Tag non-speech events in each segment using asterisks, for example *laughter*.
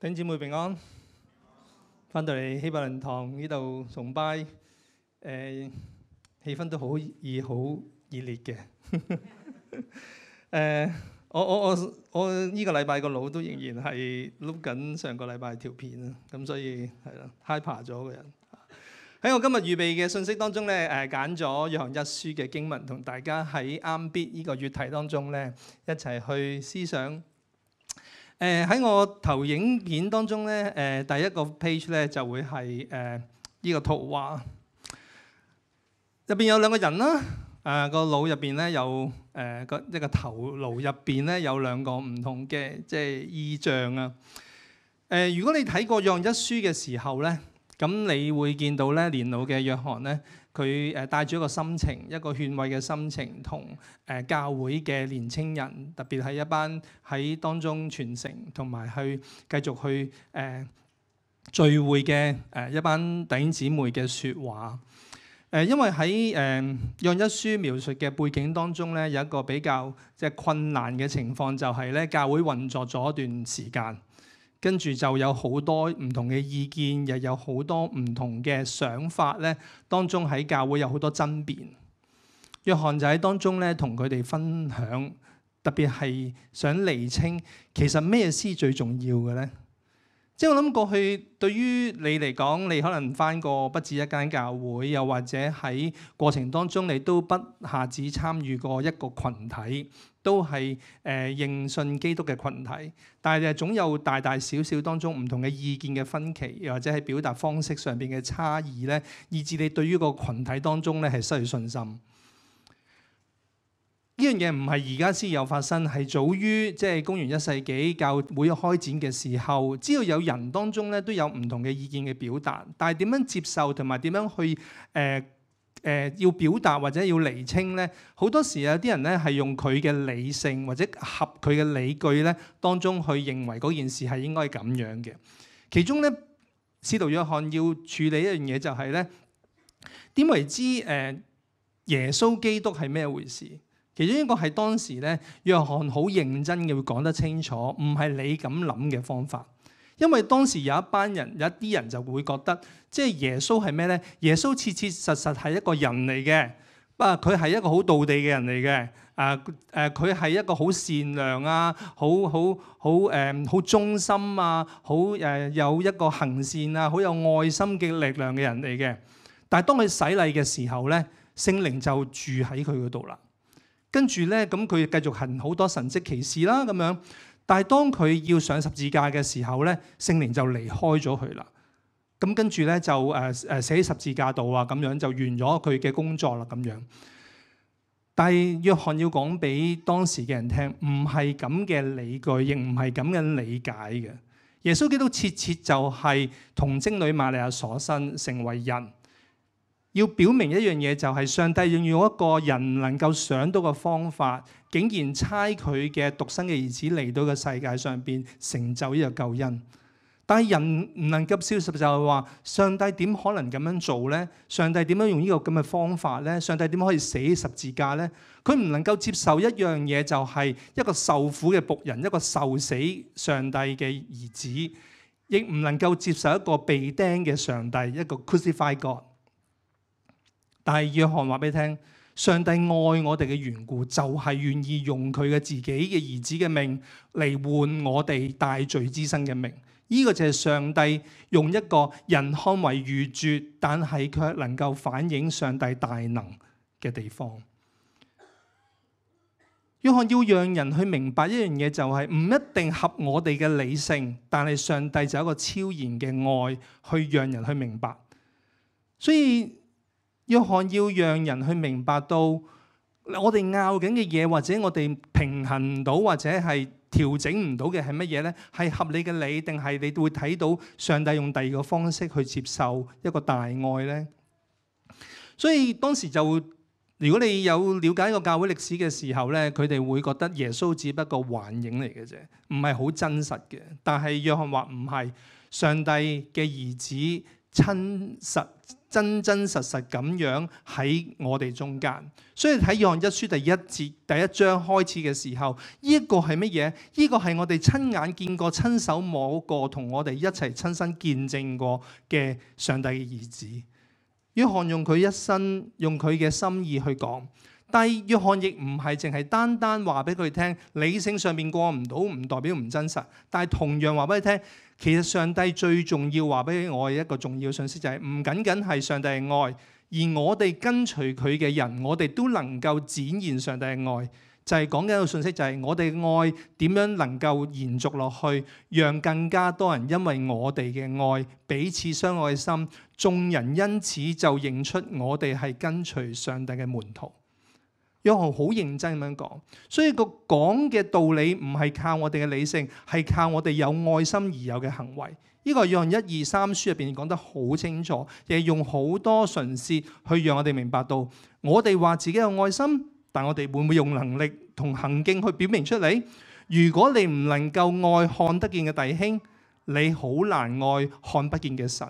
弟兄姊妹平安，翻到嚟希伯倫堂呢度崇拜，誒氣氛都好熱好熱烈嘅。誒，我我我我呢個禮拜個腦都仍然係碌緊上個禮拜條片啊，咁所以係啦，hyper 咗嘅人。喺我今日預備嘅信息當中咧，誒揀咗《約翰一書》嘅經文，同大家喺啱 Beat 呢個月題當中咧一齊去思想。誒喺我投影片當中咧，誒、呃、第一個 page 咧就會係誒依個圖畫，入邊有兩個人啦、啊，誒、呃個腦入邊咧有誒個一個頭腦入邊咧有兩個唔同嘅即係意象啊，誒、呃、如果你睇過約翰一書嘅時候咧。咁你會見到咧年老嘅約翰咧，佢誒帶住一個心情，一個勸慰嘅心情，同誒教會嘅年青人，特別係一班喺當中傳承同埋去繼續去誒、呃、聚會嘅誒一班弟兄姊妹嘅説話。誒、呃，因為喺誒約一書描述嘅背景當中咧，有一個比較即係困難嘅情況，就係、是、咧教會運作咗一段時間。跟住就有好多唔同嘅意見，又有好多唔同嘅想法咧。當中喺教會有好多爭辯。約翰就喺當中咧，同佢哋分享，特別係想釐清其實咩先最重要嘅咧。即係我諗過去對於你嚟講，你可能翻過不止一間教會，又或者喺過程當中，你都不下只參與過一個群體，都係誒、呃、認信基督嘅群體。但係總有大大小小當中唔同嘅意見嘅分歧，又或者係表達方式上邊嘅差異咧，以至你對於個群體當中咧係失去信心。呢樣嘢唔係而家先有發生，係早於即係公元一世紀教會開展嘅時候，知道有人當中咧都有唔同嘅意見嘅表達，但係點樣接受同埋點樣去誒誒、呃呃、要表達或者要釐清咧？好多時有啲人咧係用佢嘅理性或者合佢嘅理據咧，當中去認為嗰件事係應該咁樣嘅。其中咧，司徒約翰要處理一樣嘢就係咧點為之誒耶穌基督係咩回事？其中一個係當時咧，約翰好認真嘅會講得清楚，唔係你咁諗嘅方法。因為當時有一班人，有一啲人就會覺得，即係耶穌係咩咧？耶穌切切實實係一個人嚟嘅，啊，佢、啊、係一個好道地嘅人嚟嘅，啊誒，佢係一個好善良啊，好好好誒，好、嗯、忠心啊，好誒、啊、有一個行善啊，好有愛心嘅力量嘅人嚟嘅。但係當佢洗禮嘅時候咧，聖靈就住喺佢嗰度啦。跟住呢，咁佢繼續行好多神蹟奇事啦，咁樣。但係當佢要上十字架嘅時候呢，聖靈就離開咗佢啦。咁跟住呢，就誒誒寫喺十字架度啊，咁樣就完咗佢嘅工作啦，咁樣。但係約翰要講俾當時嘅人聽，唔係咁嘅理據，亦唔係咁嘅理解嘅。耶穌基督切切就係童貞女瑪利亞所生，成為人。要表明一樣嘢，就係上帝要用一個人能夠想到嘅方法，竟然差佢嘅獨生嘅兒子嚟到個世界上邊成就呢個救恩。但係人唔能夠消受就係話上帝點可能咁樣做呢？上帝點樣用呢個咁嘅方法呢？上帝點可以死十字架呢？佢唔能夠接受一樣嘢，就係一個受苦嘅僕人，一個受死上帝嘅兒子，亦唔能夠接受一個被釘嘅上帝，一個 Crucified God。係約翰話俾你聽，上帝愛我哋嘅緣故，就係、是、願意用佢嘅自己嘅兒子嘅命嚟換我哋大罪之身嘅命。呢、這個就係上帝用一個人看為愚拙，但係卻能夠反映上帝大能嘅地方。約翰要讓人去明白一樣嘢，就是，就係唔一定合我哋嘅理性，但係上帝就有一個超然嘅愛去讓人去明白。所以。約翰要讓人去明白到我哋拗緊嘅嘢，或者我哋平衡唔到，或者係調整唔到嘅係乜嘢呢？係合理嘅理，定係你會睇到上帝用第二個方式去接受一個大愛呢？所以當時就如果你有了解一個教會歷史嘅時候呢，佢哋會覺得耶穌只不過幻影嚟嘅啫，唔係好真實嘅。但係約翰話唔係上帝嘅兒子。真實真真實實咁樣喺我哋中間，所以睇《約翰一書》第一節第一章開始嘅時候，依、呢個係乜嘢？呢個係我哋親眼見過、親手摸過、同我哋一齊親身見證過嘅上帝嘅兒子。約翰用佢一生，用佢嘅心意去講，但係約翰亦唔係淨係單單話俾佢聽。理性上面過唔到，唔代表唔真實，但係同樣話俾你聽。其實上帝最重要話俾我哋一個重要信息就係，唔僅僅係上帝嘅愛，而我哋跟隨佢嘅人，我哋都能夠展現上帝嘅愛。就係講緊一個信息，就係我哋嘅愛點樣能夠延續落去，讓更加多人因為我哋嘅愛彼此相愛嘅心，眾人因此就認出我哋係跟隨上帝嘅門徒。約翰好認真咁樣講，所以個講嘅道理唔係靠我哋嘅理性，係靠我哋有愛心而有嘅行為。呢個約翰一二三書入邊講得好清楚，亦係用好多唇舌去讓我哋明白到，我哋話自己有愛心，但我哋會唔會用能力同行徑去表明出嚟？如果你唔能夠愛看得見嘅弟兄，你好難愛看不見嘅神。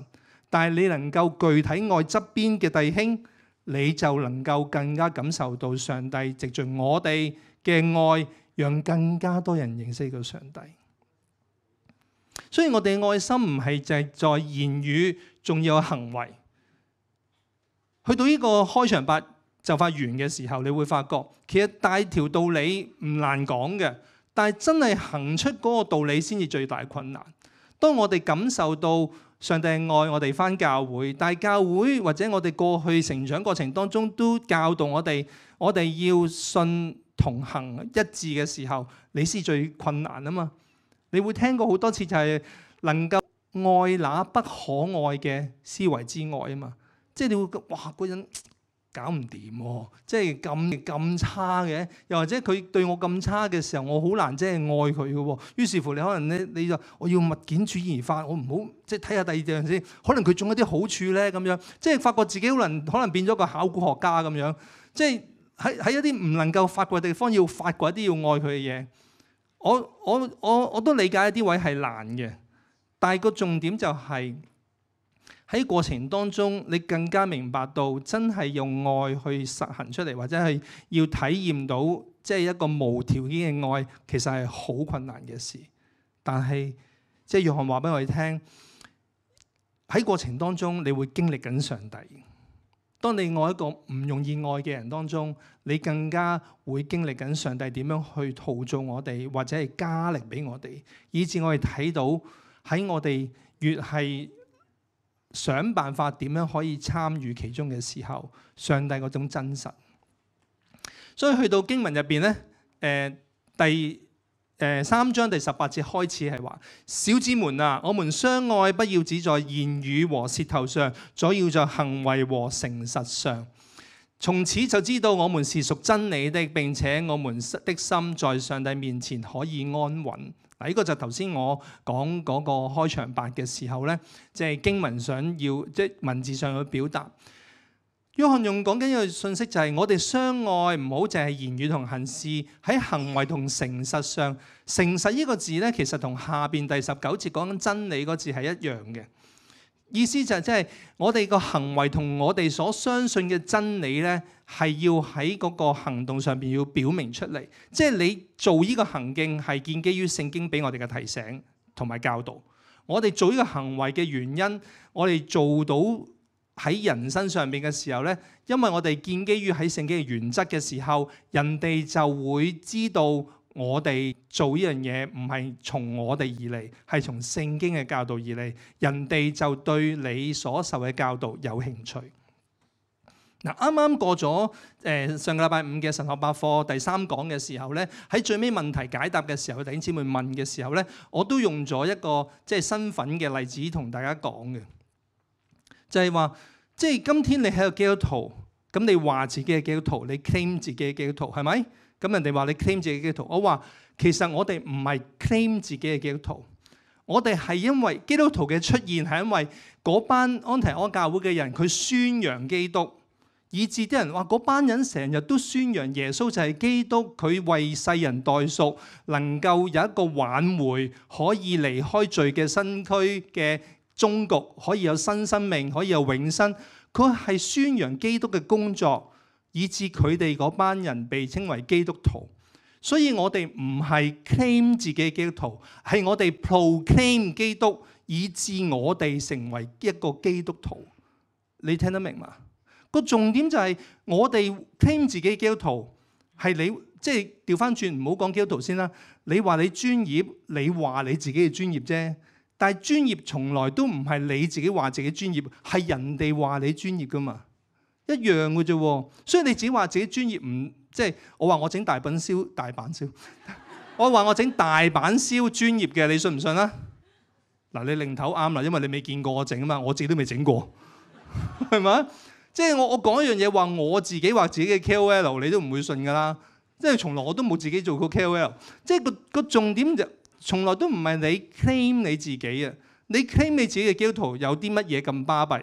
但係你能夠具體愛側邊嘅弟兄。你就能夠更加感受到上帝藉著我哋嘅愛，讓更加多人認識到上帝。所以我哋嘅愛心唔係淨係在言語，仲有行為。去到呢個開場白就快完嘅時候，你會發覺其實大條道理唔難講嘅，但係真係行出嗰個道理先至最大困難。當我哋感受到，上帝愛我哋返教會，但係教會或者我哋過去成長過程當中，都教導我哋，我哋要信同行一致嘅時候，你是最困難啊嘛。你會聽過好多次就係能夠愛那不可愛嘅思維之外啊嘛，即係你會覺得，哇，個人。搞唔掂喎，即係咁咁差嘅，又或者佢對我咁差嘅時候，我好難即係愛佢嘅喎。於是乎，你可能咧，你就我要物件主義而發，我唔好即係睇下第二樣先。可能佢仲有啲好處咧，咁樣即係發覺自己可能可能變咗個考古學家咁樣，即係喺喺一啲唔能夠發掘嘅地方，要發掘一啲要愛佢嘅嘢。我我我我都理解一啲位係難嘅，但係個重點就係、是。喺過程當中，你更加明白到真係用愛去實行出嚟，或者係要體驗到即係一個無條件嘅愛，其實係好困難嘅事。但係即係約翰話俾我哋聽，喺過程當中，你會經歷緊上帝。當你愛一個唔容易愛嘅人當中，你更加會經歷緊上帝點樣去陶造我哋，或者係加力俾我哋，以至我哋睇到喺我哋越係。想辦法點樣可以參與其中嘅時候，上帝嗰種真實。所以去到經文入邊咧，誒、呃，第誒、呃、三章第十八節開始係話：小子們啊，我們相愛，不要只在言語和舌頭上，總要在行為和誠實上。從此就知道我們是屬真理的，並且我們的心在上帝面前可以安穩。呢一個就頭先我講嗰個開場白嘅時候咧，即係經文想要即係文字上去表達。約翰用講緊一個信息就係我哋相愛唔好淨係言語同行事，喺行為同誠實上，誠實呢個字咧，其實同下邊第十九節講緊真理嗰字係一樣嘅。意思就係即係我哋個行為同我哋所相信嘅真理咧，係要喺嗰個行動上邊要表明出嚟。即係你做呢個行徑係建基於聖經俾我哋嘅提醒同埋教導，我哋做呢個行為嘅原因，我哋做到喺人身上邊嘅時候咧，因為我哋建基於喺聖經嘅原則嘅時候，人哋就會知道。我哋做呢樣嘢唔係從我哋而嚟，係從聖經嘅教導而嚟。人哋就對你所受嘅教導有興趣。嗱，啱啱過咗誒上個禮拜五嘅神學百科第三講嘅時候咧，喺最尾問題解答嘅時候，弟兄姊妹問嘅時候咧，我都用咗一個即係身份嘅例子同大家講嘅，就係話即係今天你喺度基督徒，咁你話自己係基督徒，你 claim 自己係基督徒係咪？咁人哋話你 claim 自己係基督徒，我話其實我哋唔係 claim 自己嘅基督徒，我哋係因為基督徒嘅出現係因為嗰班安提阿教會嘅人佢宣揚基督，以致啲人話嗰班人成日都宣揚耶穌就係基督，佢為世人代贖，能夠有一個挽回，可以離開罪嘅身軀嘅終局，可以有新生命，可以有永生。佢係宣揚基督嘅工作。以致佢哋嗰班人被稱為基督徒，所以我哋唔係 claim 自己嘅基督徒，係我哋 proclaim 基督，以致我哋成為一個基督徒。你聽得明嘛？個重點就係、是、我哋 claim 自己嘅基督徒係你，即係調翻轉，唔好講基督徒先啦。你話你專業，你話你自己嘅專業啫。但係專業從來都唔係你自己話自己專業，係人哋話你專業㗎嘛。一樣嘅啫，所以你自己話自己專業唔即係，我話我整大品燒、大阪燒， *laughs* 我話我整大阪燒專業嘅，你信唔信啊？嗱，你另頭啱啦，因為你未見過我整啊嘛，我自己都未整過，係咪？ *laughs* 即係我我講一樣嘢，話我自己話自己嘅 KOL，你都唔會信噶啦。即係從來我都冇自己做過 KOL，即係個個重點就從來都唔係你 claim 你自己啊，你 claim 你自己嘅焦圖有啲乜嘢咁巴閉？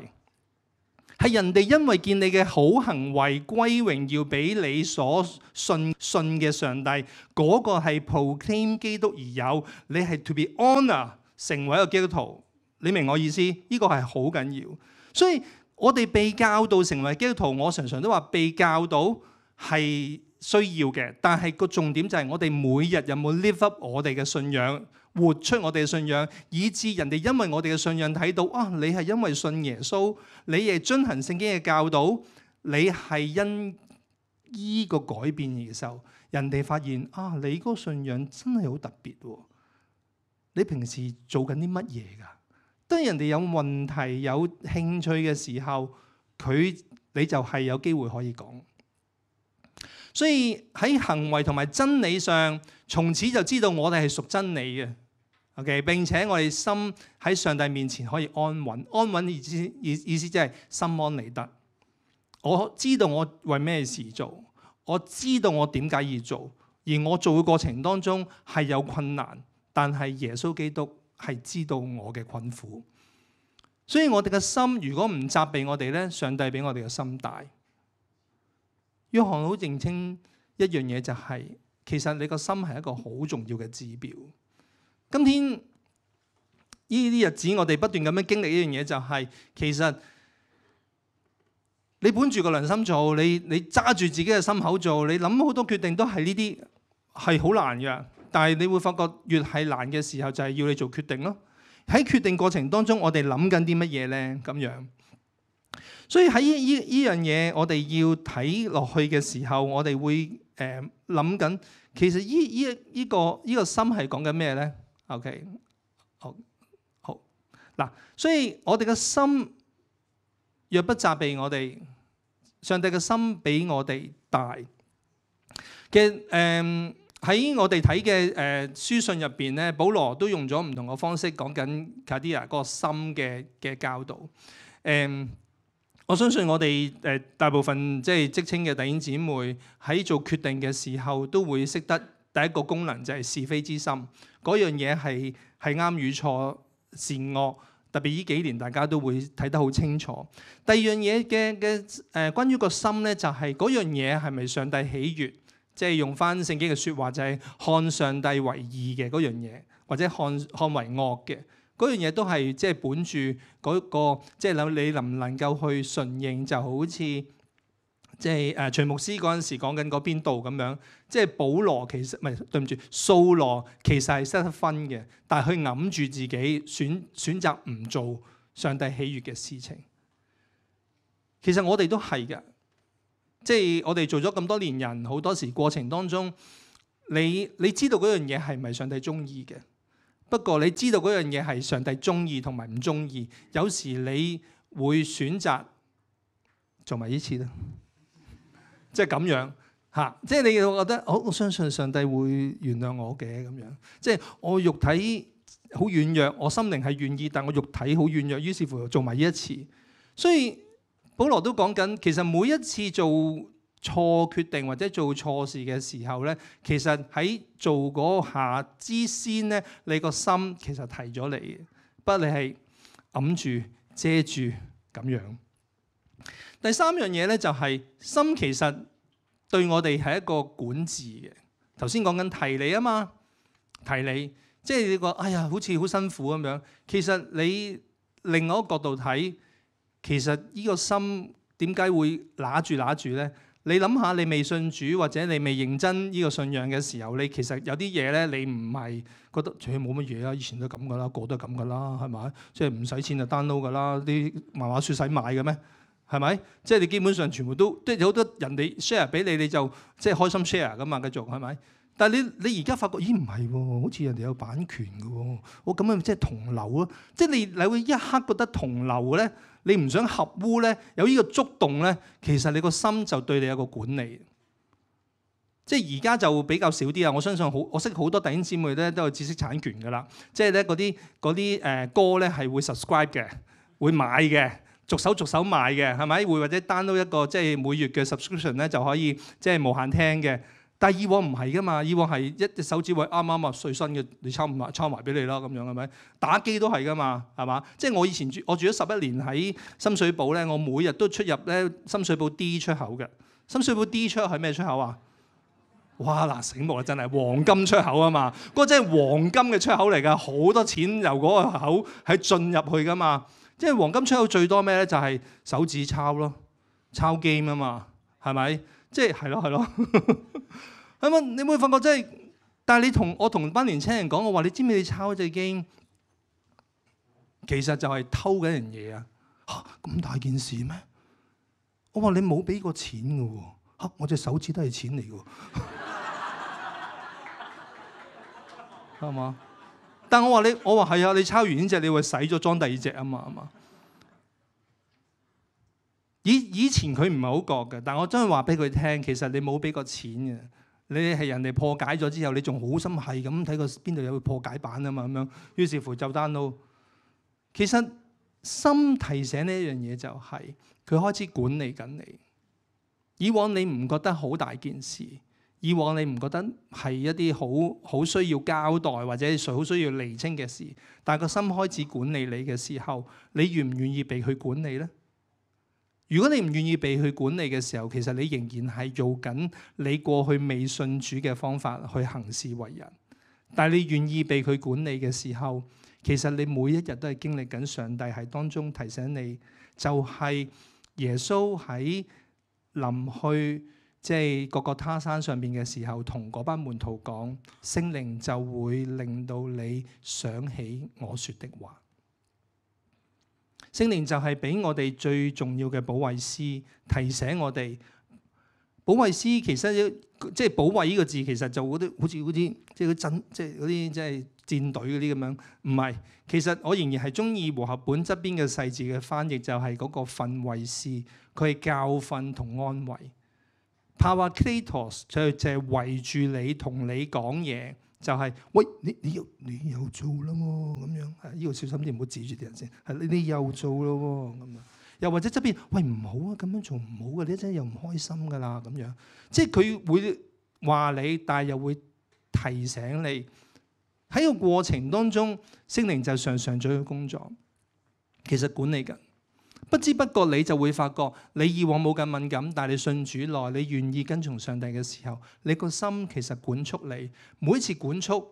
係人哋因為見你嘅好行為歸榮耀畀你所信信嘅上帝，嗰、那個係 proclaim 基督而有。你係 to be honour 成為一個基督徒，你明我意思？呢、這個係好緊要。所以我哋被教導成為基督徒，我常常都話被教導係需要嘅。但係個重點就係我哋每日有冇 live up 我哋嘅信仰。活出我哋嘅信仰，以致人哋因為我哋嘅信仰睇到啊，你係因為信耶穌，你亦遵行聖經嘅教導，你係因依個改變而受。人哋發現啊，你嗰個信仰真係好特別。你平時做緊啲乜嘢噶？當人哋有問題、有興趣嘅時候，佢你就係有機會可以講。所以喺行為同埋真理上，從此就知道我哋係屬真理嘅。OK，並且我哋心喺上帝面前可以安穩，安穩意思意思即係心安理得。我知道我為咩事做，我知道我點解要做，而我做嘅過程當中係有困難，但係耶穌基督係知道我嘅困苦。所以我哋嘅心如果唔責備我哋呢，上帝俾我哋嘅心大。約翰好認清一樣嘢、就是，就係其實你個心係一個好重要嘅指標。今天呢啲日子，我哋不斷咁樣經歷一樣嘢，就係其實你本住個良心做，你你揸住自己嘅心口做，你諗好多決定都係呢啲係好難嘅。但係你會發覺越係難嘅時候，就係要你做決定咯。喺決定過程當中，我哋諗緊啲乜嘢呢？咁樣，所以喺呢呢樣嘢，我哋要睇落去嘅時候我，我哋會誒諗緊，其實呢呢、呢個呢、呢個心係講緊咩呢？OK，好，好，嗱，所以我哋嘅心若不責備我哋，上帝嘅心比我哋大嘅。誒，喺、嗯、我哋睇嘅誒書信入邊咧，保羅都用咗唔同嘅方式講緊 Cardia 嗰個心嘅嘅教導。誒、嗯，我相信我哋誒大部分即係職青嘅弟兄姊妹喺做決定嘅時候，都會識得第一個功能就係、是、是非之心。嗰樣嘢係係啱與錯善惡，特別呢幾年大家都會睇得好清楚。第二樣嘢嘅嘅誒，關於個心呢，就係、係、嗰樣嘢係咪上帝喜悅？即、就、係、係、用翻聖經嘅說話，就係看上帝為義嘅嗰樣嘢，或者看看為惡嘅嗰樣嘢、嗰個，都係即係本住嗰個即係你能唔能夠去順應，就好似。即係誒，徐牧師嗰陣時講緊嗰、邊度咁樣，即係保羅其實唔係，對唔住，掃羅其實係失得分嘅，但係佢揞住自己選，選選擇唔做上帝喜悅嘅事情。其實我哋都係嘅，即係我哋做咗咁多年人，好多時過程當中，你你知道嗰樣嘢係咪上帝中意嘅？不過你知道嗰樣嘢係上帝中意同埋唔中意，有時你會選擇做埋呢次咯。即係咁樣嚇，即係你會覺得，我、哦、我相信上帝會原諒我嘅咁樣。即係我肉體好軟弱，我心靈係願意，但我肉體好軟弱，於是乎又做埋呢一次。所以保羅都講緊，其實每一次做錯決定或者做錯事嘅時候咧，其實喺做嗰下之先咧，你個心其實提咗你嘅，不過你係揞住遮住咁樣。第三樣嘢咧就係、是、心其實對我哋係一個管治嘅。頭先講緊提你啊嘛，提你，即係你覺得哎呀，好似好辛苦咁樣。其實你另外一個角度睇，其實呢個心點解會嗱住嗱住咧？你諗下，你未信主或者你未認真呢個信仰嘅時候，你其實有啲嘢咧，你唔係覺得除咗冇乜嘢啦。以前都咁噶啦，個都係咁噶啦，係咪？即係唔使錢就 download 噶啦，啲漫畫書使買嘅咩？係咪？即係你基本上全部都，即係有好多人哋 share 俾你，你就即係開心 share 㗎嘛？繼續係咪？但係你你而家發覺，咦唔係喎，好似人哋有版權㗎喎，我咁樣即係同流啊，即係你你會一刻覺得同流咧，你唔想合污咧，有呢個觸動咧，其實你個心就對你有個管理。即係而家就比較少啲啊！我相信好，我識好多弟兄姊妹咧都有知識產權㗎啦。即係咧嗰啲嗰啲誒歌咧係會 subscribe 嘅，會買嘅。逐手逐手買嘅係咪？會或者單到一個即係每月嘅 subscription 咧就可以即係無限聽嘅。但係以往唔係㗎嘛，以往係一隻手指位啱啱啊碎身嘅，你抄埋抄埋俾你啦咁樣係咪？打機都係㗎嘛，係嘛？即係我以前住我住咗十一年喺深水埗咧，我每日都出入咧深水埗 D 出口嘅。深水埗 D 出口係咩出口啊？哇！嗱醒目啊，真係黃金出口啊嘛！嗰、嗰個、真係黃金嘅出口嚟㗎，好多錢由嗰個口喺進入去㗎嘛。即係黃金出口最多咩咧？就係手指抄咯，抄 game 啊嘛，係咪？即係係咯係咯。咁啊， *laughs* 你會發覺即係，但係你同我同班年青人講我話，你知唔知你抄隻 game 其實就係偷緊樣嘢啊？嚇咁大件事咩？我話你冇俾過錢嘅喎，啊，我隻手指都係錢嚟嘅喎。係嘛？但我話你，我話係啊！你抄完呢隻，你會洗咗裝第二隻啊嘛，係嘛？以以前佢唔係好覺嘅，但我真係話俾佢聽，其實你冇俾過錢嘅，你係人哋破解咗之後，你仲好心係咁睇個邊度有個破解版啊嘛咁樣，於是乎就 download。其實心提醒呢一樣嘢就係，佢開始管理緊你。以往你唔覺得好大件事。以往你唔覺得係一啲好好需要交代或者好需要釐清嘅事，但係個心開始管理你嘅時候，你願唔願意被佢管理呢？如果你唔願意被佢管理嘅時候，其實你仍然係用緊你過去未信主嘅方法去行事為人。但係你願意被佢管理嘅時候，其實你每一日都係經歷緊上帝喺當中提醒你，就係耶穌喺臨去。即係各各他山上邊嘅時候，同嗰班門徒講，聖靈就會令到你想起我説的話。聖靈就係俾我哋最重要嘅保惠師，提醒我哋。保惠師其實即係保惠呢個字，其實就覺得好似嗰啲即係嗰即係啲即係戰隊嗰啲咁樣。唔係，其實我仍然係中意和合本側邊嘅細字嘅翻譯，就係嗰個訓慰師，佢係教訓同安慰。怕 ratos，話 Ketos 就就係圍住你同你講嘢，就係、是、喂你你又你又做啦喎咁樣，呢個小心啲，唔好指住啲人先。係你你又做啦喎咁啊，又或者側邊，喂唔好啊，咁樣做唔好嘅、啊，你真係又唔開心噶啦咁樣。即係佢會話你，但係又會提醒你喺個過程當中，聖靈就常常做嘅工作，其實管理緊。不知不覺你就會發覺，你以往冇咁敏感，但係你信主耐，你願意跟從上帝嘅時候，你個心其實管束你。每一次管束，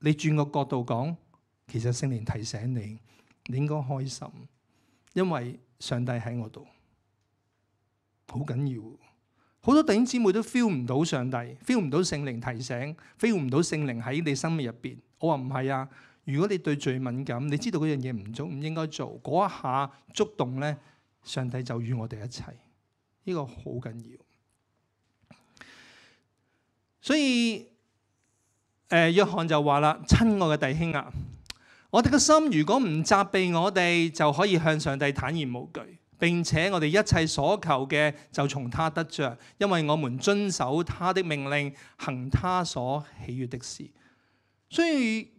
你轉個角度講，其實聖靈提醒你，你應該開心，因為上帝喺我度，好緊要。好多弟兄姊妹都 feel 唔到上帝，feel 唔到聖靈提醒，feel 唔到聖靈喺你生命入邊。我話唔係啊。如果你對罪敏感，你知道嗰樣嘢唔做，唔應該做，嗰一下觸動咧，上帝就與我哋一齊。呢、這個好緊要。所以，誒、呃、約翰就話啦，親愛嘅弟兄啊，我哋嘅心如果唔責備我哋，就可以向上帝坦然無懼，並且我哋一切所求嘅就從他得着，因為我們遵守他的命令，行他所喜悦的事。所以。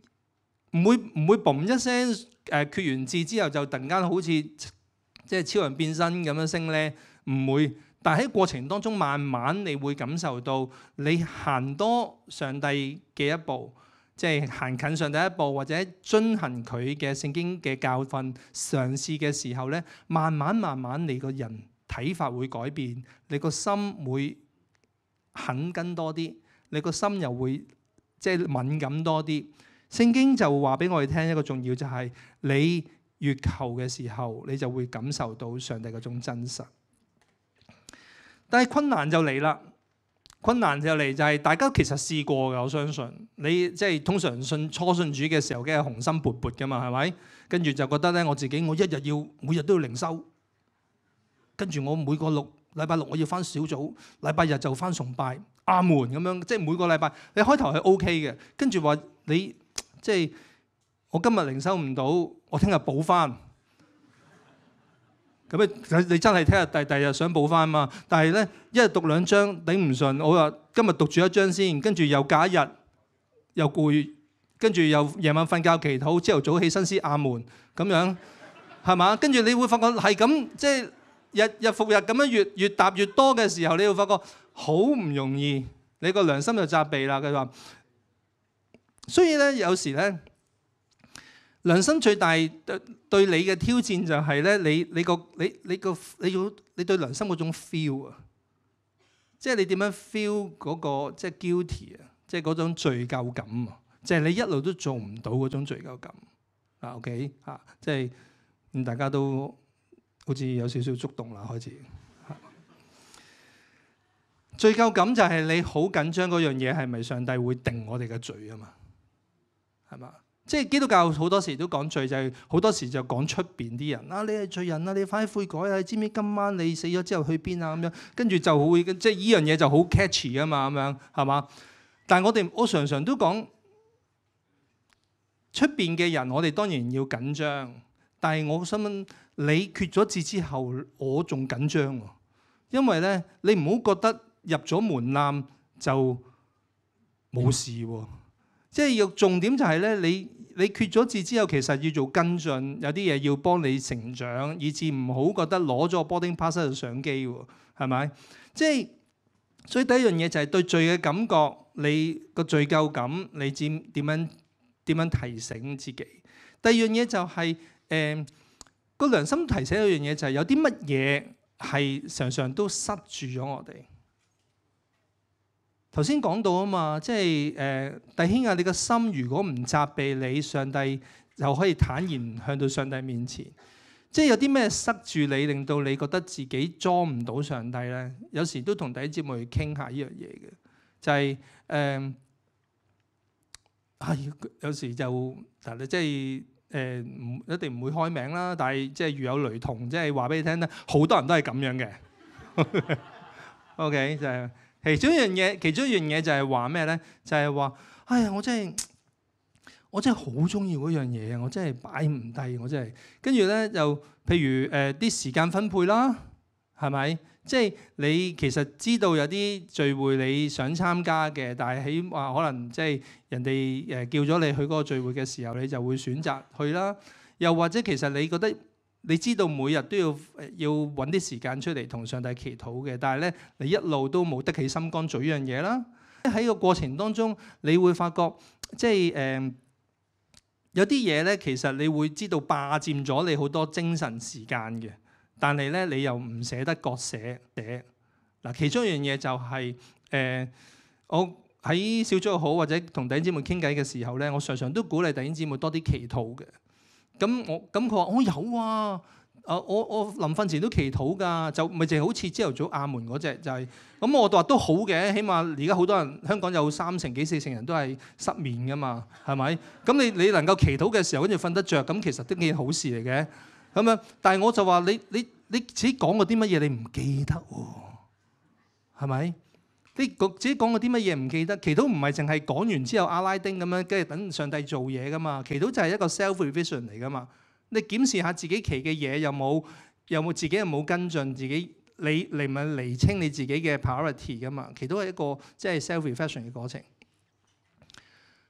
唔會，唔會嘣一聲，誒、呃、決完志之後就突然間好似即係超人變身咁樣升咧，唔會。但喺過程當中，慢慢你會感受到你行多上帝嘅一步，即係行近上帝一步，或者遵行佢嘅聖經嘅教訓，嘗試嘅時候咧，慢慢慢慢你個人睇法會改變，你個心會肯跟多啲，你個心又會即係敏感多啲。聖經就話俾我哋聽一個重要就係你越求嘅時候，你就會感受到上帝嗰種真實。但係困難就嚟啦，困難就嚟就係大家其實試過嘅，我相信你即係通常信初信主嘅時候，梗係雄心勃勃㗎嘛，係咪？跟住就覺得咧，我自己我一日要每日都要靈修，跟住我每個六禮拜六我要返小組，禮拜日就返崇拜，阿門咁樣。即係每個禮拜，你開頭係 OK 嘅，跟住話你。即係我今日靈修唔到，我聽日補翻。咁啊，你真係聽日第第日想補翻嘛？但係咧，一日讀兩章頂唔順，我話今日讀住一章先，跟住又假日又攰，跟住又夜晚瞓覺祈禱，朝頭早起身先阿門咁樣係嘛？跟住你會發覺係咁，即係日日復日咁樣越越答越多嘅時候，你會發覺好唔容易，你個良心就責備啦。佢話。所以咧，有時咧，良心最大對對你嘅挑戰就係咧，你你個你你個你要你對良心嗰種 feel 啊，即係你點樣 feel 嗰個即係 guilty 啊，即係嗰種罪疚感啊，即係你一路都做唔到嗰種罪疚感啊。OK 嚇，即係大家都好似有少少觸動啦，開始。罪疚感就係你好緊張嗰樣嘢係咪上帝會定我哋嘅罪啊嘛？係嘛？即係基督教好多時都講罪，就係、是、好多時就講出邊啲人啊，你係罪人啊，你快啲悔改啊！你知唔知今晚你死咗之後去邊啊？咁樣跟住就會即係依樣嘢就好 catchy 啊嘛，咁樣係嘛？但係我哋我常常都講出邊嘅人，我哋當然要緊張。但係我想問你決咗志之後，我仲緊張？因為呢，你唔好覺得入咗門檻就冇事。啊。嗯即係要重點就係咧，你你缺咗字之後，其實要做跟進，有啲嘢要幫你成長，以至唔好覺得攞咗個 boarding pass 就上機喎，係咪？即係，所以第一樣嘢就係對罪嘅感覺，你個罪疚感，你知點樣點樣提醒自己？第二樣嘢就係誒個良心提醒嗰樣嘢就係有啲乜嘢係常常都塞住咗我哋。頭先講到啊嘛，即係誒、呃，弟兄啊，你個心如果唔責備你，上帝又可以坦然向到上帝面前。即係有啲咩塞住你，令到你覺得自己裝唔到上帝咧？有時都同第一節目去傾下呢樣嘢嘅，就係、是、誒，係、呃哎、有時就但你即係誒唔一定唔會開名啦，但係即係如有雷同，即係話俾你聽啦，好多人都係咁樣嘅。 *laughs* OK 就係、是。其中一樣嘢，其中一樣嘢就係話咩咧？就係、是、話，哎呀，我真係，我真係好中意嗰樣嘢啊！我真係擺唔低，我真係。跟住咧，又譬如誒啲、呃、時間分配啦，係咪？即、就、係、是、你其實知道有啲聚會你想參加嘅，但係起話可能即係人哋誒叫咗你去嗰個聚會嘅時候，你就會選擇去啦。又或者其實你覺得，你知道每日都要要揾啲時間出嚟同上帝祈禱嘅，但係咧你一路都冇得起心肝做呢樣嘢啦。喺個過程當中，你會發覺即係誒、呃、有啲嘢咧，其實你會知道霸佔咗你好多精神時間嘅，但係咧你又唔捨得割捨捨。嗱，其中一樣嘢就係、是、誒、呃、我喺小組好或者同弟兄姊妹傾偈嘅時候咧，我常常都鼓勵弟兄姊妹多啲祈禱嘅。咁我咁佢話我有啊，啊我我臨瞓前都祈禱㗎，就咪就好似朝頭早阿門嗰隻就係、是，咁我都話都好嘅，起碼而家好多人香港有三成幾四成人都係失眠㗎嘛，係咪？咁你你能夠祈禱嘅時候跟住瞓得着，咁其實都幾好事嚟嘅，咁樣。但係我就話你你你自己講過啲乜嘢你唔記得喎，係咪？你自己講過啲乜嘢唔記得，祈禱唔係淨係講完之後阿拉丁咁樣，跟住等上帝做嘢噶嘛？祈禱就係一個 self-revision 嚟噶嘛。你檢視下自己祈嘅嘢有冇有冇自己有冇跟進自己，你嚟唔係釐清你自己嘅 priority 噶嘛？祈禱係一個即係 self-revision 嘅過程。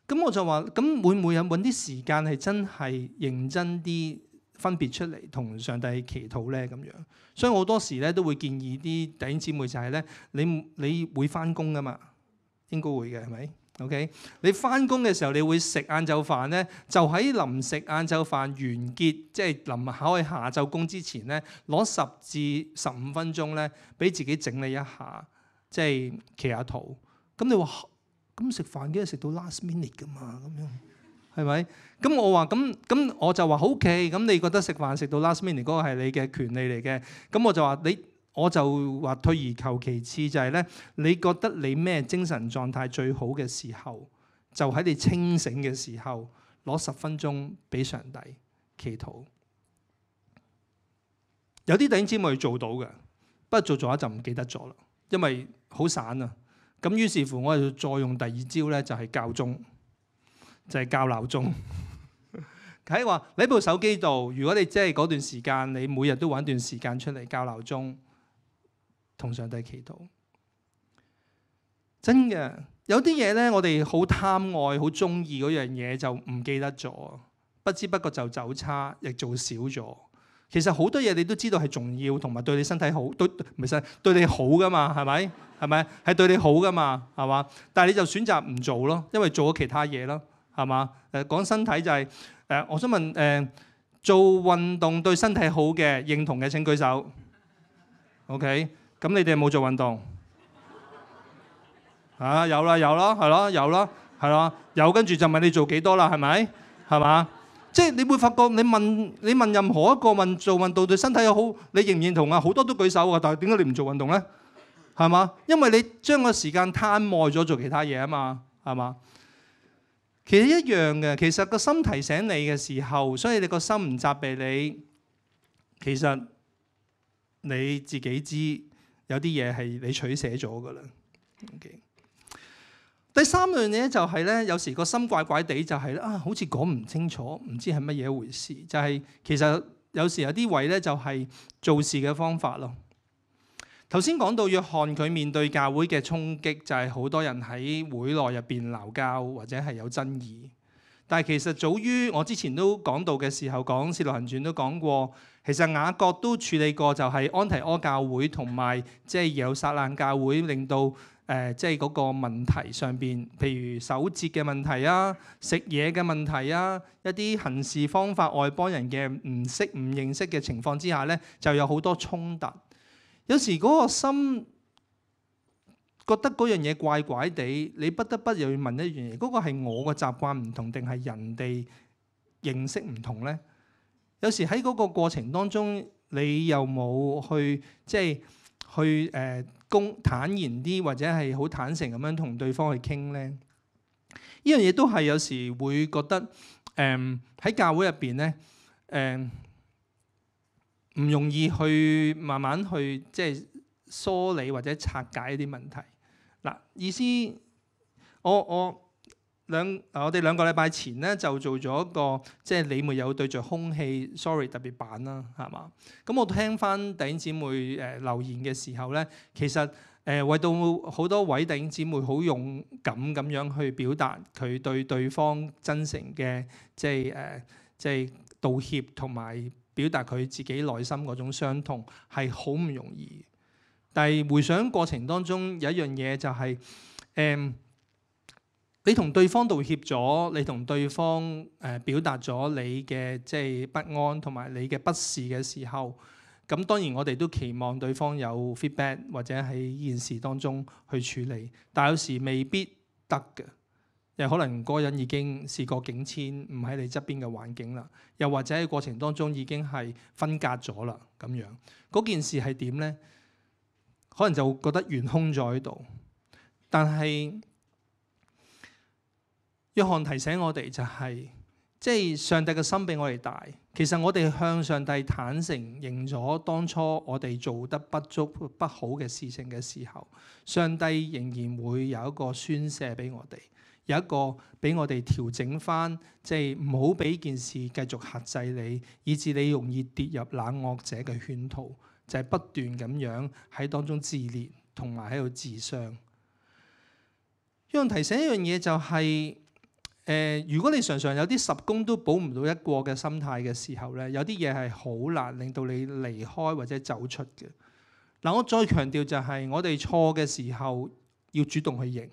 咁我就話，咁會唔會有揾啲時間係真係認真啲？分別出嚟同上帝祈禱咧，咁樣，所以好多時咧，都會建議啲弟兄姊妹就係咧，你你會翻工噶嘛，應該會嘅係咪？OK，你翻工嘅時候，你會食晏晝飯咧，就喺臨食晏晝飯完結，即係臨開下晝工之前咧，攞十至十五分鐘咧，俾自己整理一下，即係祈下禱。咁你話咁食飯梗係食到 last minute 㗎嘛？咁樣。係咪？咁我話咁咁，我就話 OK。咁你覺得食飯食到 last minute 嗰個係你嘅權利嚟嘅。咁我就話你，我就話退而求其次，就係呢：你覺得你咩精神狀態最好嘅時候，就喺你清醒嘅時候攞十分鐘俾上帝祈禱。有啲弟兄姊妹做到嘅，不過做做下就唔記得咗啦，因為好散啊。咁於是乎，我就再用第二招呢，就係教宗。就係教鬧鐘。喺話：你部手機度，如果你即係嗰段時間，你每日都搵段時間出嚟教鬧鐘，同上帝祈禱。真嘅有啲嘢呢，我哋好貪愛，好鍾意嗰樣嘢，就唔記得咗，不知不覺就走差，亦做少咗。其實好多嘢你都知道係重要，同埋對你身體好，對唔係身對你好㗎嘛？係咪？係咪？係對你好㗎嘛？係嘛？但係你就選擇唔做咯，因為做咗其他嘢咯。係嘛？誒講身體就係誒，我想問誒，做運動對身體好嘅認同嘅請舉手。OK，咁你哋有冇做運動？嚇，有啦，有咯，係咯，有咯，係咯，有，跟住就問你做幾多啦？係咪係嘛？即係你會發覺你問你問任何一個問做運動對身體有好，你認唔認同啊？好多都舉手啊，但係點解你唔做運動咧？係嘛？因為你將個時間攤耐咗做其他嘢啊嘛，係嘛？其實一樣嘅，其實個心提醒你嘅時候，所以你個心唔責備你，其實你自己知有啲嘢，係你取捨咗噶啦。Okay? 第三樣嘢就係咧，有時個心怪怪地就係咧啊，好似講唔清楚，唔知係乜嘢回事，就係其實有時有啲位咧就係做事嘅方法咯。頭先講到約翰佢面對教會嘅衝擊，就係、是、好多人喺會內入邊鬧交或者係有爭議。但係其實早於我之前都講到嘅時候，講《使徒行傳》都講過，其實雅各都處理過，就係安提阿教會同埋即係耶路撒冷教會，令到誒即係嗰個問題上邊，譬如守節嘅問題啊、食嘢嘅問題啊、一啲行事方法外邦人嘅唔識唔認識嘅情況之下呢，就有好多衝突。有時嗰個心覺得嗰樣嘢怪怪地，你不得不又要問一樣嘢：嗰個係我嘅習慣唔同，定係人哋認識唔同呢？有時喺嗰個過程當中，你有冇去即係去誒公、呃、坦然啲，或者係好坦誠咁樣同對方去傾呢。呢樣嘢都係有時會覺得誒喺、呃、教會入邊呢。誒、呃。唔容易去慢慢去即係梳理或者拆解一啲問題。嗱，意思我我兩我哋兩個禮拜前咧，就做咗一個即係、就是、你沒有對著空氣 sorry 特別版啦，係嘛。咁我聽返弟兄姊妹誒留言嘅時候咧，其實誒、呃、為到好多位弟兄姊妹好勇敢咁樣去表達佢對對方真誠嘅即係誒即係道歉同埋。表達佢自己內心嗰種傷痛係好唔容易，但係回想過程當中有一樣嘢就係、是，誒、嗯，你同對方道歉咗，你同對方誒表達咗你嘅即係不安同埋你嘅不是嘅時候，咁當然我哋都期望對方有 feedback 或者喺現實當中去處理，但有時未必得嘅。又可能嗰人已經事過境遷，唔喺你側邊嘅環境啦；又或者喺過程當中已經係分隔咗啦，咁樣嗰件事係點呢？可能就會覺得懸空咗喺度。但係，約翰提醒我哋就係，即係上帝嘅心比我哋大。其實我哋向上帝坦承認咗當初我哋做得不足、不好嘅事情嘅時候，上帝仍然會有一個宣泄俾我哋。有一個俾我哋調整返，即係唔好俾件事繼續限制你，以致你容易跌入冷漠者嘅圈套，就係、是、不斷咁樣喺當中自憐同埋喺度自傷。要提醒一樣嘢就係、是，誒、呃，如果你常常有啲十功都補唔到一過嘅心態嘅時候呢，有啲嘢係好難令到你離開或者走出嘅。嗱，我再強調就係、是，我哋錯嘅時候要主動去認。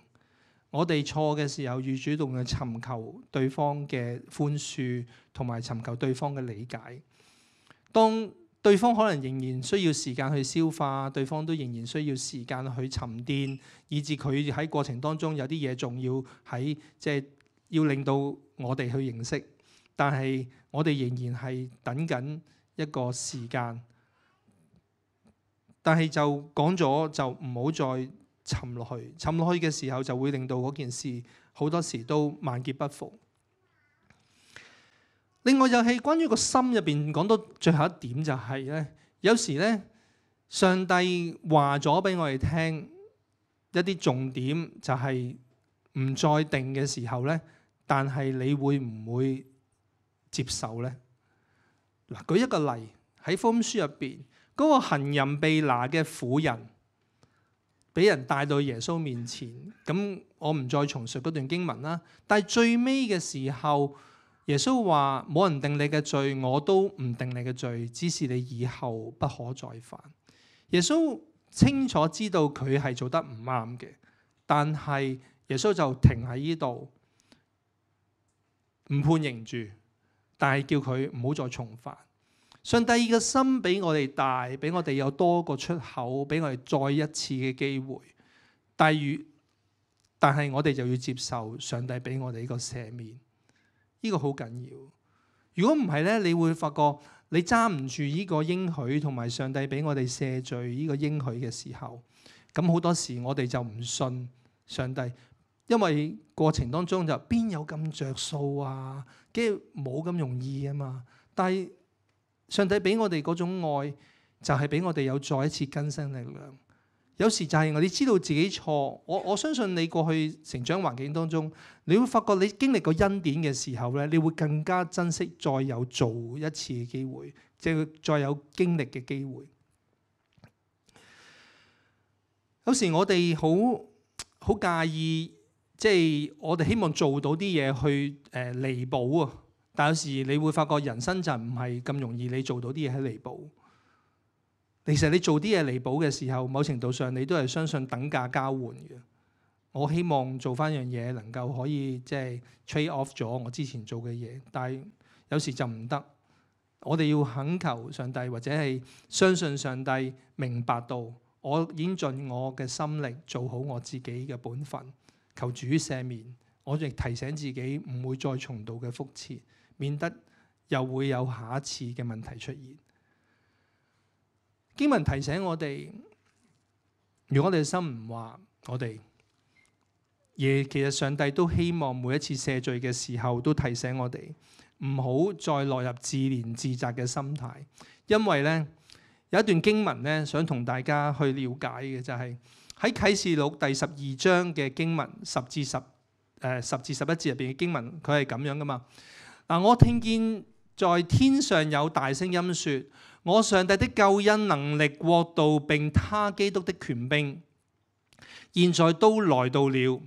我哋錯嘅時候，要主動去尋求對方嘅寬恕，同埋尋求對方嘅理解。當對方可能仍然需要時間去消化，對方都仍然需要時間去沉澱，以至佢喺過程當中有啲嘢仲要喺，即係要令到我哋去認識。但係我哋仍然係等緊一個時間。但係就講咗，就唔好再。沉落去，沉落去嘅時候就會令到嗰件事好多時都萬劫不復。另外又係關於個心入邊講到最後一點就係呢，有時呢，上帝話咗俾我哋聽一啲重點就係唔再定嘅時候呢，但係你會唔會接受呢？嗱，舉一個例喺福音書入邊嗰個行淫被拿嘅婦人。俾人帶到耶穌面前，咁我唔再重述嗰段經文啦。但係最尾嘅時候，耶穌話：冇人定你嘅罪，我都唔定你嘅罪，只是你以後不可再犯。耶穌清楚知道佢係做得唔啱嘅，但係耶穌就停喺呢度，唔判刑住，但係叫佢唔好再重犯。上帝嘅心比我哋大，俾我哋有多個出口，俾我哋再一次嘅機會。但如，但係我哋就要接受上帝俾我哋呢個赦免，呢個好緊要。如果唔係呢你會發覺你揸唔住呢個應許，同埋上帝俾我哋赦罪呢個應許嘅時候，咁好多時我哋就唔信上帝，因為過程當中就邊有咁着數啊？跟住冇咁容易啊嘛。但係，上帝俾我哋嗰種愛，就係俾我哋有再一次更新力量。有時就係我哋知道自己錯，我我相信你過去成長環境當中，你會發覺你經歷過恩典嘅時候咧，你會更加珍惜再有做一次嘅機會，即係再有經歷嘅機會。有時我哋好好介意，即係我哋希望做到啲嘢去誒彌補啊。但有時你會發覺人生就唔係咁容易，你做到啲嘢係彌補。其實你做啲嘢彌補嘅時候，某程度上你都係相信等價交換嘅。我希望做翻樣嘢能夠可以即係、就是、trade off 咗我之前做嘅嘢，但係有時就唔得。我哋要懇求上帝，或者係相信上帝明白到我已經盡我嘅心力做好我自己嘅本分，求主赦免。我亦提醒自己唔會再重蹈嘅覆轍，免得又會有下一次嘅問題出現。經文提醒我哋，如果你哋心唔話我哋，而，其實上帝都希望每一次赦罪嘅時候都提醒我哋，唔好再落入自憐自責嘅心態。因為呢，有一段經文呢，想同大家去了解嘅就係、是、喺啟示錄第十二章嘅經文十至十，誒十至十一節入邊嘅經文，佢係咁樣噶嘛？嗱、啊，我聽見在天上有大聲音説：我上帝的救恩能力國度並他基督的權柄，現在都來到了。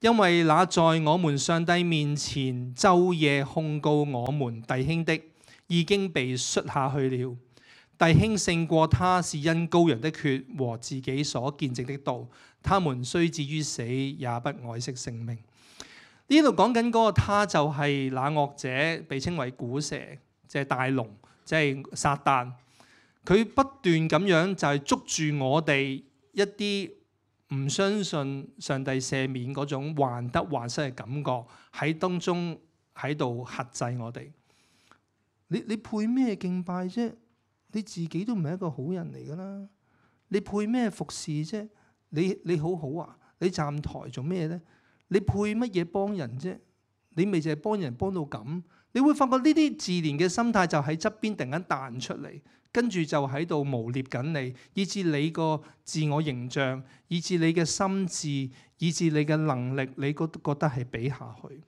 因為那在我們上帝面前晝夜控告我們弟兄的，已經被摔下去了。弟兄勝過他是因羔羊的血和自己所見證的道。他們雖至於死，也不愛惜性命。呢度講緊嗰個他，就係那惡者，被稱為古蛇，即係大龍，即係撒旦。佢不斷咁樣就係捉住我哋一啲唔相信上帝赦免嗰種患得患失嘅感覺，喺當中喺度克制我哋。你你配咩敬拜啫？你自己都唔係一個好人嚟㗎啦。你配咩服侍啫？你你好好啊？你站台做咩呢？你配乜嘢幫人啫？你咪就係幫人幫到咁，你會發覺呢啲自憐嘅心態就喺側邊突然間彈出嚟，跟住就喺度磨蝕緊你，以至你個自我形象，以至你嘅心智，以至你嘅能力，你都覺得係比下去。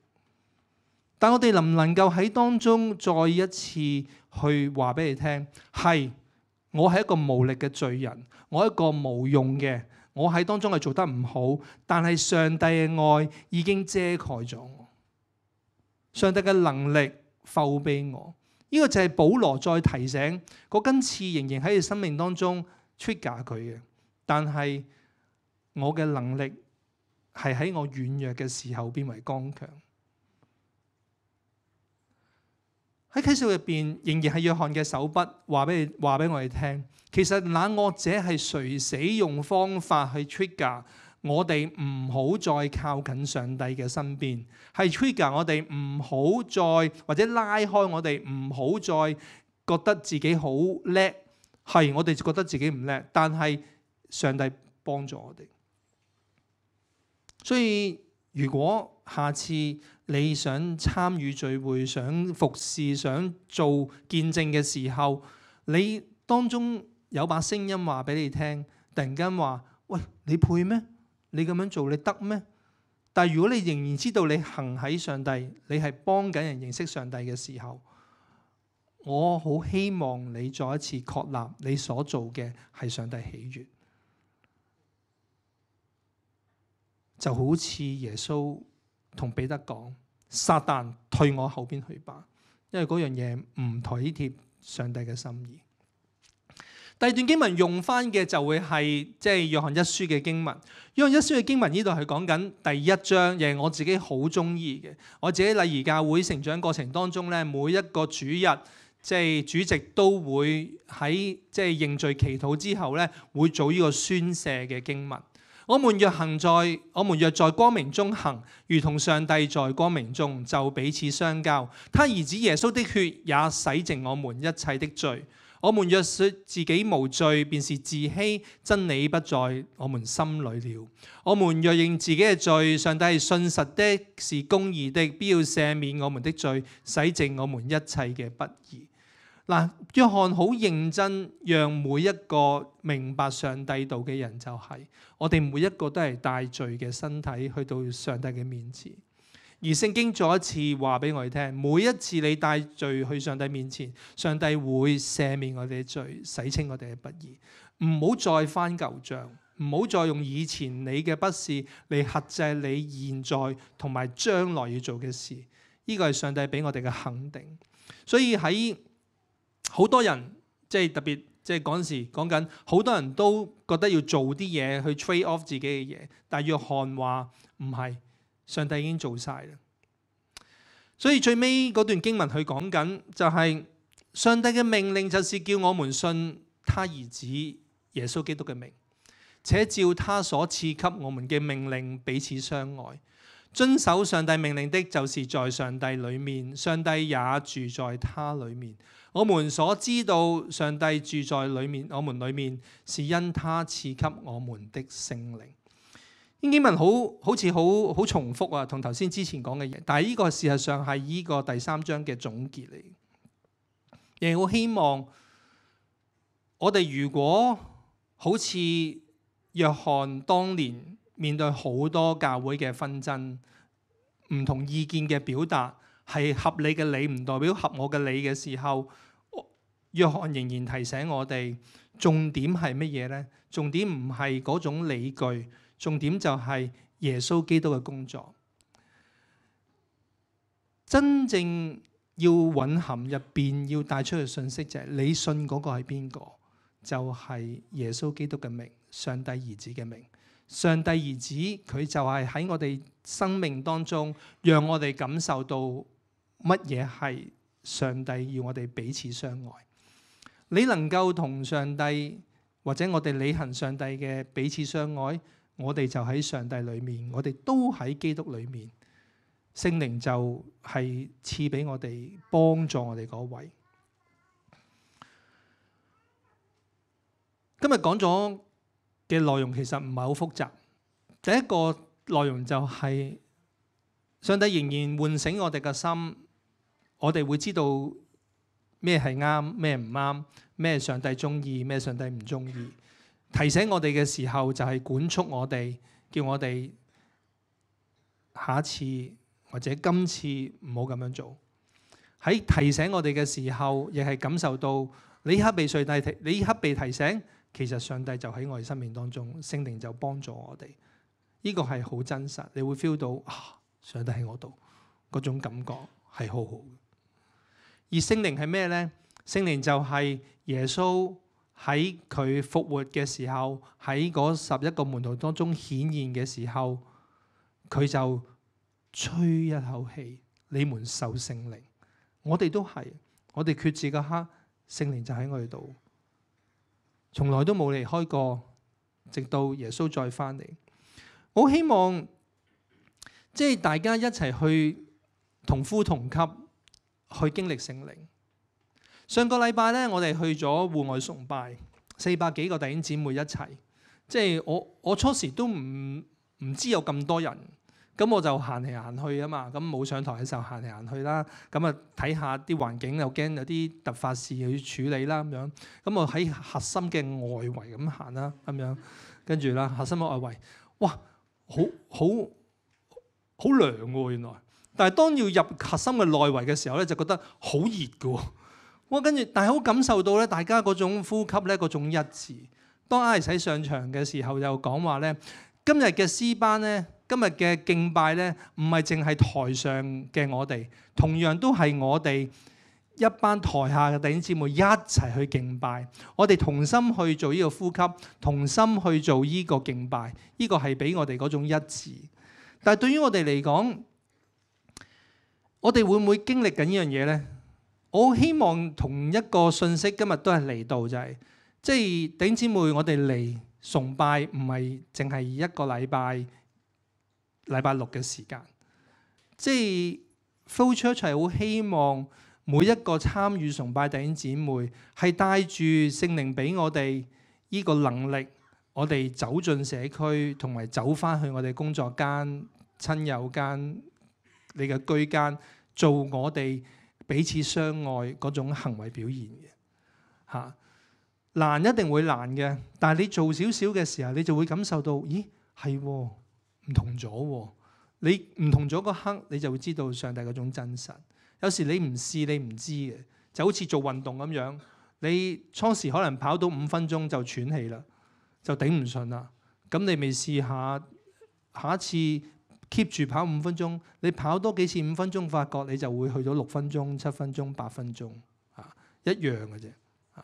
但我哋能唔能夠喺當中再一次去話俾你聽，係我係一個無力嘅罪人，我一個無用嘅。我喺當中係做得唔好，但係上帝嘅愛已經遮蓋咗我。上帝嘅能力覆庇我，呢個就係保羅再提醒，嗰根刺仍然喺佢生命當中 trigger 佢嘅。但係我嘅能力係喺我軟弱嘅時候變為剛強。喺啟示錄入邊，仍然係約翰嘅手筆，話俾你話俾我哋聽。其實冷惡者係誰使用方法去 trigger 我哋，唔好再靠近上帝嘅身邊，係 trigger 我哋唔好再或者拉開我哋，唔好再覺得自己好叻，係我哋覺得自己唔叻，但係上帝幫助我哋，所以。如果下次你想參與聚會，想服侍，想做見證嘅時候，你當中有把聲音話俾你聽，突然間話，喂，你配咩？你咁樣做你得咩？但係如果你仍然知道你行喺上帝，你係幫緊人認識上帝嘅時候，我好希望你再一次確立你所做嘅係上帝喜悅。就好似耶穌同彼得講：撒旦退我後邊去吧，因為嗰樣嘢唔體貼上帝嘅心意。第二段經文用翻嘅就會係即係約翰一書嘅經文。約翰一書嘅經文呢度係講緊第一章，嘢我自己好中意嘅。我自己例如教會成長過程當中呢，每一個主日即係、就是、主席都會喺即係認罪祈禱之後呢，會做呢個宣赦嘅經文。我們若行在，我們若在光明中行，如同上帝在光明中，就彼此相交。他兒子耶穌的血也洗淨我們一切的罪。我們若說自己無罪，便是自欺。真理不在我們心裏了。我們若認自己嘅罪，上帝係信實的，是公義的，必要赦免我們的罪，洗淨我們一切嘅不義。嗱，約翰好認真，讓每一個明白上帝道嘅人就係我哋每一個都係帶罪嘅身體去到上帝嘅面前。而聖經再一次話俾我哋聽，每一次你帶罪去上帝面前，上帝會赦免我哋嘅罪，洗清我哋嘅不義。唔好再翻舊帳，唔好再用以前你嘅不是嚟克制你現在同埋將來要做嘅事。呢個係上帝俾我哋嘅肯定。所以喺好多人即係特別即係嗰陣時講緊，好多人都覺得要做啲嘢去 trade off 自己嘅嘢，但係約翰話唔係，上帝已經做晒啦。所以最尾嗰段經文佢講緊就係、是、上帝嘅命令，就是叫我們信他兒子耶穌基督嘅名，且照他所賜給我們嘅命令彼此相愛，遵守上帝命令的，就是在上帝裡面，上帝也住在他裡面。我們所知道上帝住在裡面，我們裡面是因祂賜給我們的聖靈。英經文好好似好好重複啊，同頭先之前講嘅嘢，但係依個事實上係呢個第三章嘅總結嚟。亦好希望我哋如果好似約翰當年面對好多教會嘅紛爭，唔同意見嘅表達，係合理嘅理唔代表合我嘅理嘅時候，約翰仍然提醒我哋，重點係乜嘢呢？重點唔係嗰種理據，重點就係耶穌基督嘅工作。真正要蘊含入面要帶出去嘅信息就係、是，你信嗰個係邊個？就係、是、耶穌基督嘅名，上帝兒子嘅名。上帝兒子佢就係喺我哋生命當中，讓我哋感受到。乜嘢係上帝要我哋彼此相愛？你能夠同上帝或者我哋履行上帝嘅彼此相愛，我哋就喺上帝裏面，我哋都喺基督裏面，聖靈就係賜俾我哋幫助我哋嗰位。今日講咗嘅內容其實唔係好複雜。第一個內容就係上帝仍然喚醒我哋嘅心。我哋會知道咩係啱，咩唔啱，咩上帝中意，咩上帝唔中意。提醒我哋嘅時候就係管束我哋，叫我哋下次或者今次唔好咁樣做。喺提醒我哋嘅時候，亦係感受到你一刻被上帝，你一刻被提醒，其實上帝就喺我哋生命當中，聖靈就幫助我哋。呢個係好真實，你會 feel 到啊，上帝喺我度嗰種感覺係好好。而聖靈係咩呢？聖靈就係耶穌喺佢復活嘅時候，喺嗰十一個門徒當中顯現嘅時候，佢就吹一口氣，你們受聖靈。我哋都係，我哋決志嗰刻，聖靈就喺我哋度，從來都冇離開過，直到耶穌再翻嚟。我希望即係大家一齊去同呼同吸。去經歷聖靈。上個禮拜呢，我哋去咗戶外崇拜，四百幾個弟兄姊妹一齊。即係我我初時都唔唔知有咁多人，咁我就行嚟行去啊嘛。咁冇上台嘅時候行嚟行去啦。咁啊，睇下啲環境又驚有啲突發事要處理啦咁樣。咁我喺核心嘅外圍咁行啦咁樣。跟住啦，核心嘅外圍，哇，好好好涼喎原來。但係當要入核心嘅內圍嘅時候咧，就覺得好熱嘅喎、哦。我跟住，但係好感受到咧，大家嗰種呼吸咧，嗰種一致。當阿 Ice 上場嘅時候，又講話咧，今日嘅詩班咧，今日嘅敬拜咧，唔係淨係台上嘅我哋，同樣都係我哋一班台下嘅弟兄姊妹一齊去敬拜。我哋同心去做呢個呼吸，同心去做呢個敬拜，呢個係俾我哋嗰種一致。但係對於我哋嚟講，.我哋會唔會經歷緊呢樣嘢呢？我希望同一個信息今日都係嚟到，就係即係弟兄姊妹，我哋嚟崇拜唔係淨係一個禮拜禮拜六嘅時間。即係 flow church 係好希望每一個參與崇拜弟兄姊妹係帶住聖靈俾我哋呢個能力，我哋走進社區同埋走翻去我哋工作間、親友間。你嘅居間做我哋彼此相愛嗰種行為表現嘅嚇、啊，難一定會難嘅，但係你做少少嘅時候，你就會感受到，咦係喎唔同咗喎、啊。你唔同咗嗰刻，你就會知道上帝嗰種真實。有時你唔試你唔知嘅，就好似做運動咁樣，你初時可能跑到五分鐘就喘氣啦，就頂唔順啦。咁你未試下下一次？Keep 住跑五分鐘，你跑多幾次五分鐘，發覺你就會去到六分鐘、七分鐘、八分鐘，啊一樣嘅啫、啊，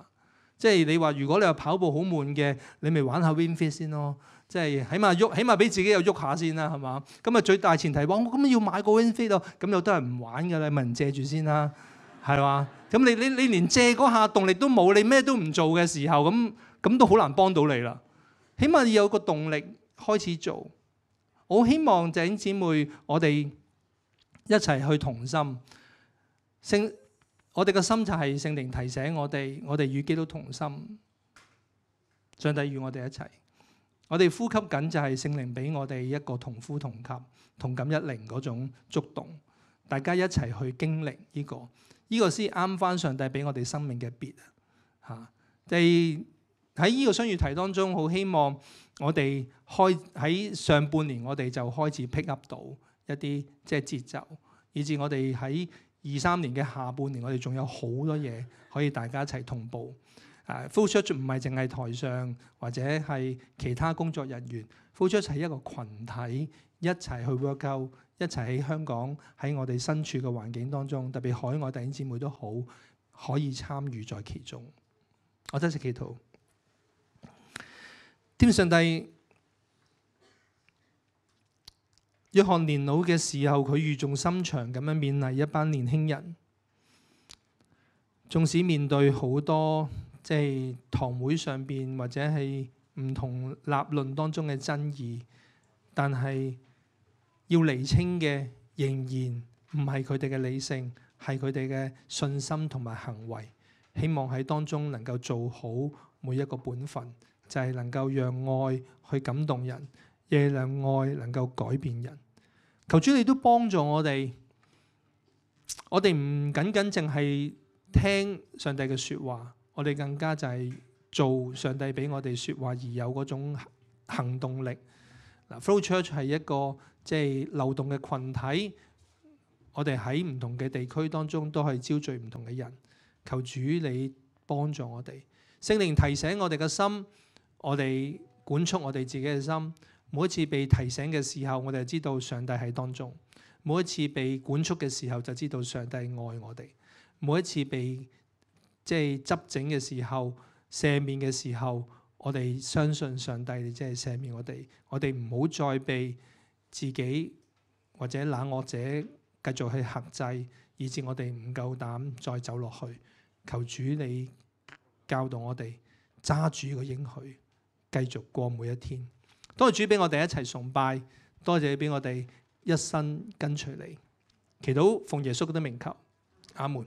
即係你話如果你話跑步好悶嘅，你咪玩下 win fit 先咯，即係起碼喐，起碼俾自己又喐下先啦，係嘛？咁啊最大前提，話，我咁要買個 win fit 啊，咁有得人唔玩嘅啦，問人借住先啦，係嘛？咁你你你連借嗰下動力都冇，你咩都唔做嘅時候，咁咁都好難幫到你啦。起碼有個動力開始做。我希望正姊妹，我哋一齊去同心。聖，我哋個心就係聖靈提醒我哋，我哋與基督同心。上帝與我哋一齊，我哋呼吸緊就係聖靈俾我哋一個同呼同吸、同感一靈嗰種觸動。大家一齊去經歷呢、這個，呢、這個先啱返上帝俾我哋生命嘅別吓，即、啊喺呢個商業題當中，好希望我哋開喺上半年，我哋就開始 pick up 到一啲即係節奏，以至我哋喺二三年嘅下半年，我哋仲有好多嘢可以大家一齊同步。誒，flow church 唔係淨係台上或者係其他工作人員，flow church 係一個群體一齊去 work out，一齊喺香港喺我哋身處嘅環境當中，特別海外弟兄姊妹都好可以參與在其中。我真係祈禱。天上帝，約翰年老嘅時候，佢語重心長咁樣勉勵一班年輕人。縱使面對好多即係堂會上邊或者係唔同立論當中嘅爭議，但係要釐清嘅仍然唔係佢哋嘅理性，係佢哋嘅信心同埋行為。希望喺當中能夠做好每一個本分。就係能夠讓愛去感動人，亦讓愛能夠改變人。求主你都幫助我哋，我哋唔僅僅淨係聽上帝嘅說話，我哋更加就係做上帝俾我哋說話而有嗰種行動力。嗱，Flow Church 係一個即係流動嘅群體，我哋喺唔同嘅地區當中都係招聚唔同嘅人。求主你幫助我哋，聖靈提醒我哋嘅心。我哋管束我哋自己嘅心，每一次被提醒嘅時候，我哋知道上帝喺當中；每一次被管束嘅時候，就知道上帝愛我哋；每一次被即係、就是、執整嘅時候、赦免嘅時候，我哋相信上帝即係赦免我哋。我哋唔好再被自己或者冷落者繼續去限制，以致我哋唔夠膽再走落去。求主你教導我哋揸住個應許。繼續過每一天，多謝主俾我哋一齊崇拜，多謝你俾我哋一生跟隨你，祈禱奉耶穌嘅名求，阿門。